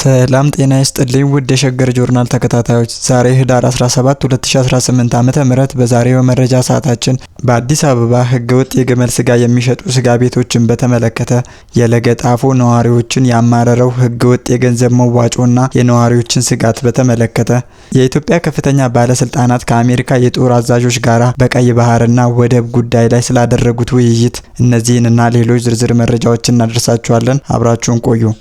ሰላም ጤና ይስጥልኝ ውድ የሸገር ጆርናል ተከታታዮች፣ ዛሬ ህዳር 17 2018 ዓመተ ምህረት በዛሬው መረጃ ሰዓታችን በአዲስ አበባ ህገወጥ የግመል ስጋ የሚሸጡ ስጋ ቤቶችን በተመለከተ የለገጣፎ ነዋሪዎችን ያማረረው ህገወጥ የገንዘብ መዋጮና የነዋሪዎችን ስጋት በተመለከተ የኢትዮጵያ ከፍተኛ ባለስልጣናት ከአሜሪካ የጦር አዛዦች ጋር በቀይ ባህርና ወደብ ጉዳይ ላይ ስላደረጉት ውይይት እነዚህንና ሌሎች ዝርዝር መረጃዎችን እናደርሳችኋለን። አብራችሁን ቆዩ።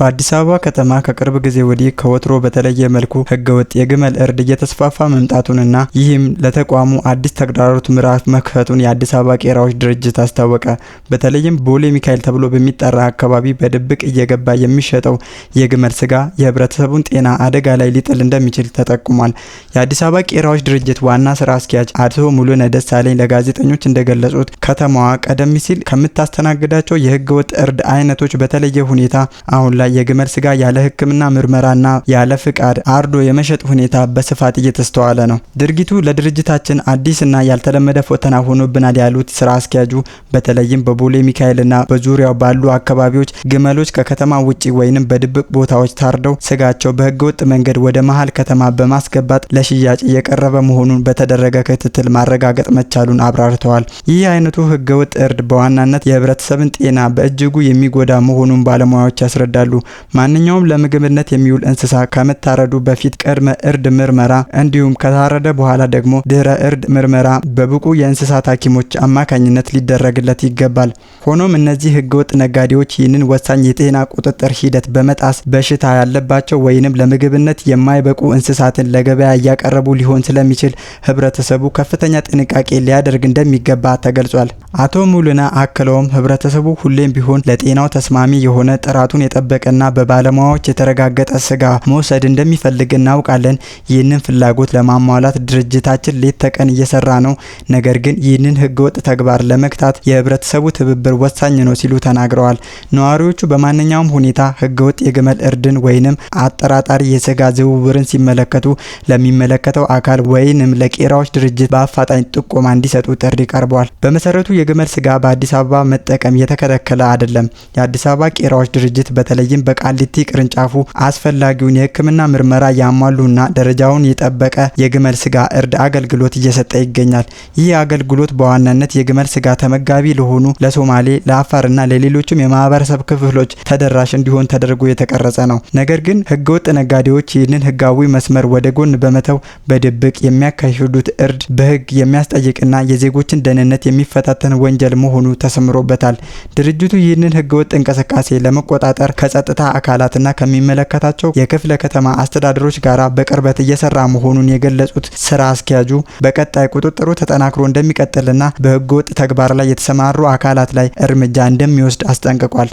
በአዲስ አበባ ከተማ ከቅርብ ጊዜ ወዲህ ከወትሮ በተለየ መልኩ ህገወጥ የግመል እርድ እየተስፋፋ መምጣቱንና ይህም ለተቋሙ አዲስ ተግዳሮት ምዕራፍ መክፈቱን የአዲስ አበባ ቄራዎች ድርጅት አስታወቀ። በተለይም ቦሌ ሚካኤል ተብሎ በሚጠራ አካባቢ በድብቅ እየገባ የሚሸጠው የግመል ስጋ የህብረተሰቡን ጤና አደጋ ላይ ሊጥል እንደሚችል ተጠቁሟል። የአዲስ አበባ ቄራዎች ድርጅት ዋና ስራ አስኪያጅ አቶ ሙሉነ ደሳለኝ ለጋዜጠኞች እንደገለጹት ከተማዋ ቀደም ሲል ከምታስተናግዳቸው የህገወጥ እርድ አይነቶች በተለየ ሁኔታ አሁን ላይ ላይ የግመል ስጋ ያለ ሕክምና ምርመራና ያለ ፍቃድ አርዶ የመሸጥ ሁኔታ በስፋት እየተስተዋለ ነው። ድርጊቱ ለድርጅታችን አዲስና ያልተለመደ ፈተና ሆኖብናል ያሉት ስራ አስኪያጁ በተለይም በቦሌ ሚካኤልና በዙሪያው ባሉ አካባቢዎች ግመሎች ከከተማ ውጪ ወይንም በድብቅ ቦታዎች ታርደው ስጋቸው በህገወጥ መንገድ ወደ መሀል ከተማ በማስገባት ለሽያጭ እየቀረበ መሆኑን በተደረገ ክትትል ማረጋገጥ መቻሉን አብራርተዋል። ይህ አይነቱ ህገወጥ እርድ በዋናነት የህብረተሰብን ጤና በእጅጉ የሚጎዳ መሆኑን ባለሙያዎች ያስረዳሉ። ማንኛውም ለምግብነት የሚውል እንስሳ ከመታረዱ በፊት ቅድመ እርድ ምርመራ እንዲሁም ከታረደ በኋላ ደግሞ ድህረ እርድ ምርመራ በብቁ የእንስሳት ሐኪሞች አማካኝነት ሊደረግለት ይገባል። ሆኖም እነዚህ ህገወጥ ነጋዴዎች ይህንን ወሳኝ የጤና ቁጥጥር ሂደት በመጣስ በሽታ ያለባቸው ወይንም ለምግብነት የማይበቁ እንስሳትን ለገበያ እያቀረቡ ሊሆን ስለሚችል ህብረተሰቡ ከፍተኛ ጥንቃቄ ሊያደርግ እንደሚገባ ተገልጿል። አቶ ሙሉና አክለውም ህብረተሰቡ ሁሌም ቢሆን ለጤናው ተስማሚ የሆነ ጥራቱን የጠበቀ የተደነቀና በባለሙያዎች የተረጋገጠ ስጋ መውሰድ እንደሚፈልግ እናውቃለን። ይህንን ፍላጎት ለማሟላት ድርጅታችን ሌት ተቀን እየሰራ ነው። ነገር ግን ይህንን ህገወጥ ተግባር ለመግታት የህብረተሰቡ ትብብር ወሳኝ ነው ሲሉ ተናግረዋል። ነዋሪዎቹ በማንኛውም ሁኔታ ህገወጥ የግመል እርድን ወይንም አጠራጣሪ የስጋ ዝውውርን ሲመለከቱ ለሚመለከተው አካል ወይንም ለቄራዎች ድርጅት በአፋጣኝ ጥቆማ እንዲሰጡ ጥሪ ቀርበዋል። በመሰረቱ የግመል ስጋ በአዲስ አበባ መጠቀም የተከለከለ አይደለም። የአዲስ አበባ ቄራዎች ድርጅት በተለይ በዚህም በቃሊቲ ቅርንጫፉ አስፈላጊውን የሕክምና ምርመራ ያሟሉና ደረጃውን የጠበቀ የግመል ስጋ እርድ አገልግሎት እየሰጠ ይገኛል። ይህ አገልግሎት በዋናነት የግመል ስጋ ተመጋቢ ለሆኑ ለሶማሌ፣ ለአፋርና ለሌሎችም የማህበረሰብ ክፍሎች ተደራሽ እንዲሆን ተደርጎ የተቀረጸ ነው። ነገር ግን ህገወጥ ነጋዴዎች ይህንን ህጋዊ መስመር ወደ ጎን በመተው በድብቅ የሚያካሂዱት እርድ በህግ የሚያስጠይቅና የዜጎችን ደህንነት የሚፈታተን ወንጀል መሆኑ ተሰምሮበታል። ድርጅቱ ይህንን ህገወጥ እንቅስቃሴ ለመቆጣጠር ከጸ ጸጥታ አካላትና ከሚመለከታቸው የክፍለ ከተማ አስተዳደሮች ጋር በቅርበት እየሰራ መሆኑን የገለጹት ስራ አስኪያጁ በቀጣይ ቁጥጥሩ ተጠናክሮ እንደሚቀጥልና በህገወጥ ተግባር ላይ የተሰማሩ አካላት ላይ እርምጃ እንደሚወስድ አስጠንቅቋል።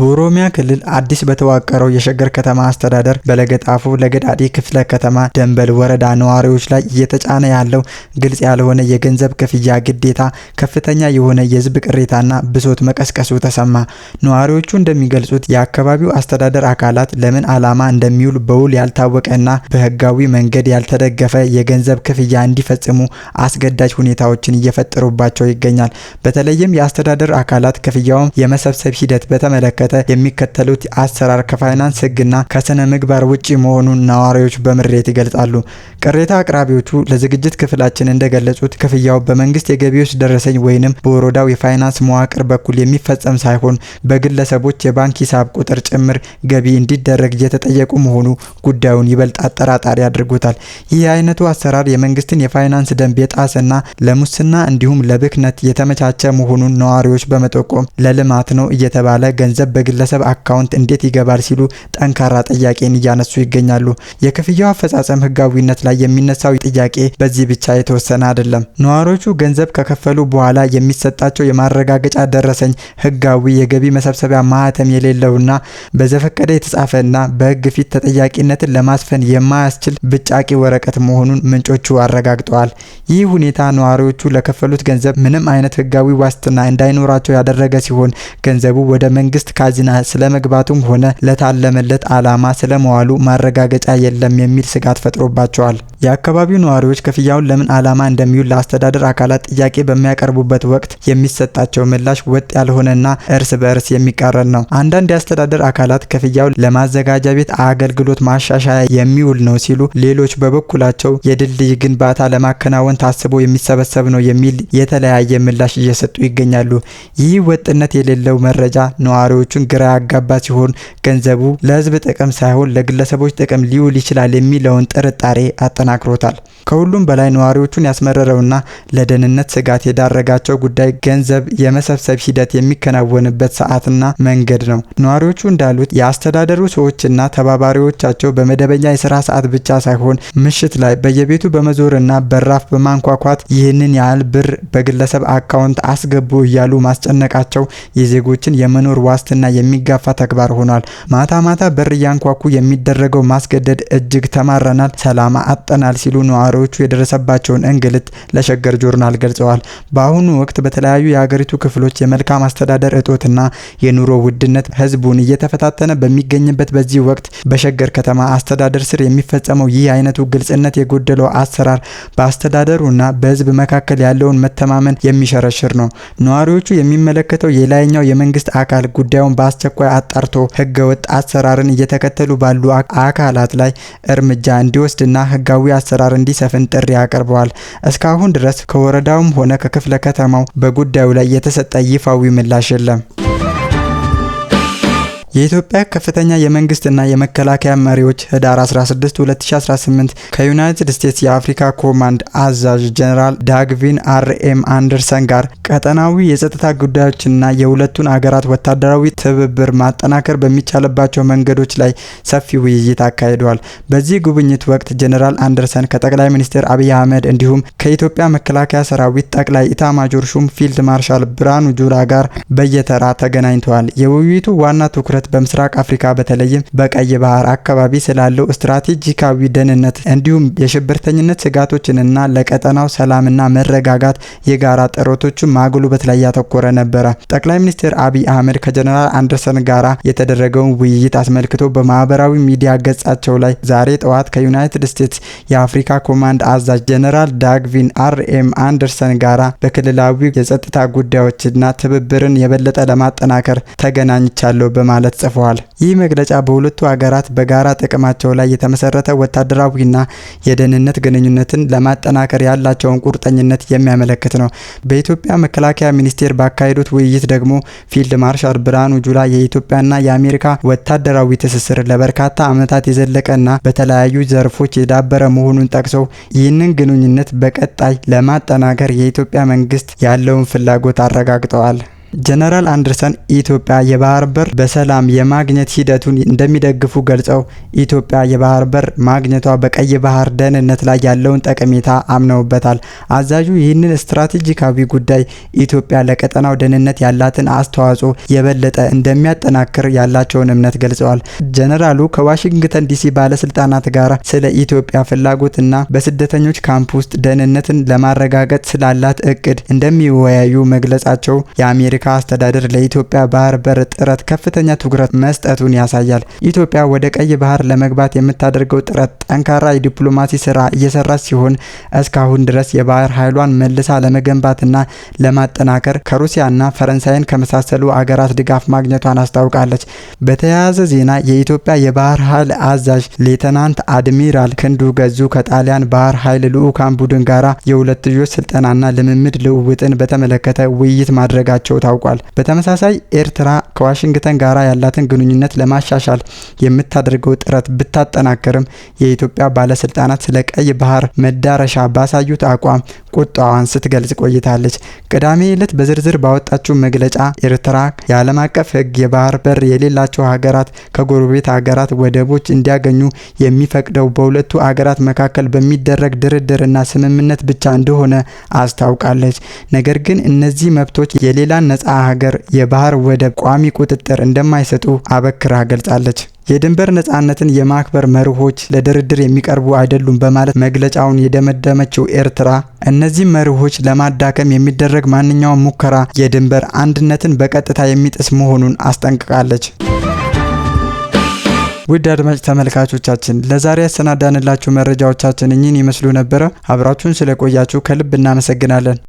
በኦሮሚያ ክልል አዲስ በተዋቀረው የሸገር ከተማ አስተዳደር በለገጣፉ ለገዳዲ ክፍለ ከተማ ደንበል ወረዳ ነዋሪዎች ላይ እየተጫነ ያለው ግልጽ ያልሆነ የገንዘብ ክፍያ ግዴታ ከፍተኛ የሆነ የህዝብ ቅሬታና ብሶት መቀስቀሱ ተሰማ። ነዋሪዎቹ እንደሚገልጹት የአካባቢው አስተዳደር አካላት ለምን ዓላማ እንደሚውል በውል ያልታወቀና በህጋዊ መንገድ ያልተደገፈ የገንዘብ ክፍያ እንዲፈጽሙ አስገዳጅ ሁኔታዎችን እየፈጠሩባቸው ይገኛል። በተለይም የአስተዳደር አካላት ክፍያውን የመሰብሰብ ሂደት በተመለከተ በተመለከተ የሚከተሉት አሰራር ከፋይናንስ ህግና ከስነ ምግባር ውጪ መሆኑን ነዋሪዎች በምሬት ይገልጻሉ። ቅሬታ አቅራቢዎቹ ለዝግጅት ክፍላችን እንደገለጹት ክፍያው በመንግስት የገቢዎች ደረሰኝ ወይንም በወረዳው የፋይናንስ መዋቅር በኩል የሚፈጸም ሳይሆን በግለሰቦች የባንክ ሂሳብ ቁጥር ጭምር ገቢ እንዲደረግ እየተጠየቁ መሆኑ ጉዳዩን ይበልጥ አጠራጣሪ አድርጎታል። ይህ አይነቱ አሰራር የመንግስትን የፋይናንስ ደንብ የጣሰና ለሙስና እንዲሁም ለብክነት የተመቻቸ መሆኑን ነዋሪዎች በመጠቆም ለልማት ነው እየተባለ ገንዘብ በግለሰብ አካውንት እንዴት ይገባል ሲሉ ጠንካራ ጥያቄን እያነሱ ይገኛሉ። የክፍያው አፈጻጸም ህጋዊነት ላይ የሚነሳው ጥያቄ በዚህ ብቻ የተወሰነ አይደለም። ነዋሪዎቹ ገንዘብ ከከፈሉ በኋላ የሚሰጣቸው የማረጋገጫ ደረሰኝ ህጋዊ የገቢ መሰብሰቢያ ማህተም የሌለውና በዘፈቀደ የተጻፈና በህግ ፊት ተጠያቂነትን ለማስፈን የማያስችል ብጫቂ ወረቀት መሆኑን ምንጮቹ አረጋግጠዋል። ይህ ሁኔታ ነዋሪዎቹ ለከፈሉት ገንዘብ ምንም አይነት ህጋዊ ዋስትና እንዳይኖራቸው ያደረገ ሲሆን ገንዘቡ ወደ መንግስት ካዝና ስለመግባቱም ሆነ ለታለመለት ዓላማ ስለመዋሉ ማረጋገጫ የለም የሚል ስጋት ፈጥሮባቸዋል። የአካባቢው ነዋሪዎች ክፍያውን ለምን ዓላማ እንደሚውል ለአስተዳደር አካላት ጥያቄ በሚያቀርቡበት ወቅት የሚሰጣቸው ምላሽ ወጥ ያልሆነና እርስ በእርስ የሚቃረን ነው። አንዳንድ የአስተዳደር አካላት ክፍያው ለማዘጋጃ ቤት አገልግሎት ማሻሻያ የሚውል ነው ሲሉ፣ ሌሎች በበኩላቸው የድልድይ ግንባታ ለማከናወን ታስቦ የሚሰበሰብ ነው የሚል የተለያየ ምላሽ እየሰጡ ይገኛሉ። ይህ ወጥነት የሌለው መረጃ ነዋሪዎቹ ብዙዎቹን ግራ ያጋባ ሲሆን ገንዘቡ ለህዝብ ጥቅም ሳይሆን ለግለሰቦች ጥቅም ሊውል ይችላል የሚለውን ጥርጣሬ አጠናክሮታል። ከሁሉም በላይ ነዋሪዎቹን ያስመረረውና ለደህንነት ስጋት የዳረጋቸው ጉዳይ ገንዘብ የመሰብሰብ ሂደት የሚከናወንበት ሰዓትና መንገድ ነው። ነዋሪዎቹ እንዳሉት የአስተዳደሩ ሰዎችና ተባባሪዎቻቸው በመደበኛ የስራ ሰዓት ብቻ ሳይሆን ምሽት ላይ በየቤቱ በመዞርና በራፍ በማንኳኳት ይህንን ያህል ብር በግለሰብ አካውንት አስገቡ እያሉ ማስጨነቃቸው የዜጎችን የመኖር ዋስትና የሚጋፋ ተግባር ሆኗል። ማታ ማታ በር እያንኳኩ የሚደረገው ማስገደድ እጅግ ተማረናል፣ ሰላም አጠናል ሲሉ ነዋሪዎቹ የደረሰባቸውን እንግልት ለሸገር ጆርናል ገልጸዋል። በአሁኑ ወቅት በተለያዩ የሀገሪቱ ክፍሎች የመልካም አስተዳደር እጦትና የኑሮ ውድነት ህዝቡን እየተፈታተነ በሚገኝበት በዚህ ወቅት በሸገር ከተማ አስተዳደር ስር የሚፈጸመው ይህ አይነቱ ግልጽነት የጎደለው አሰራር በአስተዳደሩና በህዝብ መካከል ያለውን መተማመን የሚሸረሽር ነው። ነዋሪዎቹ የሚመለከተው የላይኛው የመንግስት አካል ጉዳዩ ጉዳዩን በአስቸኳይ አጣርቶ ህገወጥ አሰራርን እየተከተሉ ባሉ አካላት ላይ እርምጃ እንዲወስድና ህጋዊ አሰራር እንዲሰፍን ጥሪ አቅርበዋል። እስካሁን ድረስ ከወረዳውም ሆነ ከክፍለ ከተማው በጉዳዩ ላይ የተሰጠ ይፋዊ ምላሽ የለም። የኢትዮጵያ ከፍተኛ የመንግስትና የመከላከያ መሪዎች ህዳር 16 2018 ከዩናይትድ ስቴትስ የአፍሪካ ኮማንድ አዛዥ ጀኔራል ዳግቪን አርኤም አንደርሰን ጋር ቀጠናዊ የጸጥታ ጉዳዮችና የሁለቱን አገራት ወታደራዊ ትብብር ማጠናከር በሚቻልባቸው መንገዶች ላይ ሰፊ ውይይት አካሂደዋል። በዚህ ጉብኝት ወቅት ጀኔራል አንደርሰን ከጠቅላይ ሚኒስትር አብይ አህመድ እንዲሁም ከኢትዮጵያ መከላከያ ሰራዊት ጠቅላይ ኢታማጆር ሹም ፊልድ ማርሻል ብርሃኑ ጁላ ጋር በየተራ ተገናኝተዋል። የውይይቱ ዋና ትኩረት ትኩረት በምስራቅ አፍሪካ በተለይም በቀይ ባህር አካባቢ ስላለው ስትራቴጂካዊ ደህንነት እንዲሁም የሽብርተኝነት ስጋቶችንና ለቀጠናው ሰላምና መረጋጋት የጋራ ጥረቶችን ማጉልበት ላይ ያተኮረ ነበረ። ጠቅላይ ሚኒስትር አብይ አህመድ ከጀነራል አንደርሰን ጋራ የተደረገውን ውይይት አስመልክቶ በማህበራዊ ሚዲያ ገጻቸው ላይ ዛሬ ጠዋት ከዩናይትድ ስቴትስ የአፍሪካ ኮማንድ አዛዥ ጀነራል ዳግቪን አርኤም አንደርሰን ጋራ በክልላዊ የጸጥታ ጉዳዮችና ትብብርን የበለጠ ለማጠናከር ተገናኝቻለሁ በማለት መግለጽ ይህ መግለጫ በሁለቱ አገራት በጋራ ጥቅማቸው ላይ የተመሰረተ ወታደራዊና የደህንነት ግንኙነትን ለማጠናከር ያላቸውን ቁርጠኝነት የሚያመለክት ነው። በኢትዮጵያ መከላከያ ሚኒስቴር ባካሄዱት ውይይት ደግሞ ፊልድ ማርሻል ብርሃኑ ጁላ የኢትዮጵያና የአሜሪካ ወታደራዊ ትስስር ለበርካታ ዓመታት የዘለቀና በተለያዩ ዘርፎች የዳበረ መሆኑን ጠቅሰው ይህንን ግንኙነት በቀጣይ ለማጠናከር የኢትዮጵያ መንግስት ያለውን ፍላጎት አረጋግጠዋል። ጀነራል አንደርሰን ኢትዮጵያ የባህር በር በሰላም የማግኘት ሂደቱን እንደሚደግፉ ገልጸው ኢትዮጵያ የባህር በር ማግኘቷ በቀይ ባህር ደህንነት ላይ ያለውን ጠቀሜታ አምነውበታል። አዛዡ ይህንን ስትራቴጂካዊ ጉዳይ ኢትዮጵያ ለቀጠናው ደህንነት ያላትን አስተዋጽኦ የበለጠ እንደሚያጠናክር ያላቸውን እምነት ገልጸዋል። ጀነራሉ ከዋሽንግተን ዲሲ ባለስልጣናት ጋር ስለ ኢትዮጵያ ፍላጎትና በስደተኞች ካምፕ ውስጥ ደህንነትን ለማረጋገጥ ስላላት እቅድ እንደሚወያዩ መግለጻቸው የአሜሪካ የአሜሪካ አስተዳደር ለኢትዮጵያ ባህር በር ጥረት ከፍተኛ ትኩረት መስጠቱን ያሳያል። ኢትዮጵያ ወደ ቀይ ባህር ለመግባት የምታደርገው ጥረት ጠንካራ የዲፕሎማሲ ስራ እየሰራች ሲሆን እስካሁን ድረስ የባህር ኃይሏን መልሳ ለመገንባትና ለማጠናከር ከሩሲያና ፈረንሳይን ከመሳሰሉ አገራት ድጋፍ ማግኘቷን አስታውቃለች። በተያያዘ ዜና የኢትዮጵያ የባህር ኃይል አዛዥ ሌተናንት አድሚራል ክንዱ ገዙ ከጣሊያን ባህር ኃይል ልዑካን ቡድን ጋራ የሁለትዮሽ ስልጠናና ልምምድ ልውውጥን በተመለከተ ውይይት ማድረጋቸው ታውቋል። በተመሳሳይ ኤርትራ ከዋሽንግተን ጋር ያላትን ግንኙነት ለማሻሻል የምታደርገው ጥረት ብታጠናክርም የኢትዮጵያ ባለስልጣናት ስለ ቀይ ባህር መዳረሻ ባሳዩት አቋም ቁጣዋን ስትገልጽ ቆይታለች። ቅዳሜ ዕለት በዝርዝር ባወጣችው መግለጫ ኤርትራ የዓለም አቀፍ ሕግ የባህር በር የሌላቸው ሀገራት ከጎረቤት ሀገራት ወደቦች እንዲያገኙ የሚፈቅደው በሁለቱ ሀገራት መካከል በሚደረግ ድርድርና ስምምነት ብቻ እንደሆነ አስታውቃለች። ነገር ግን እነዚህ መብቶች የሌላን ነፃ ሀገር የባህር ወደብ ቋሚ ቁጥጥር እንደማይሰጡ አበክራ ገልጻለች። የድንበር ነጻነትን የማክበር መርሆች ለድርድር የሚቀርቡ አይደሉም በማለት መግለጫውን የደመደመችው ኤርትራ እነዚህ መርሆች ለማዳከም የሚደረግ ማንኛውም ሙከራ የድንበር አንድነትን በቀጥታ የሚጥስ መሆኑን አስጠንቅቃለች። ውድ አድማጭ ተመልካቾቻችን ለዛሬ ያሰናዳንላችሁ መረጃዎቻችን እኚህን ይመስሉ ነበረ። አብራችሁን ስለቆያችሁ ከልብ እናመሰግናለን።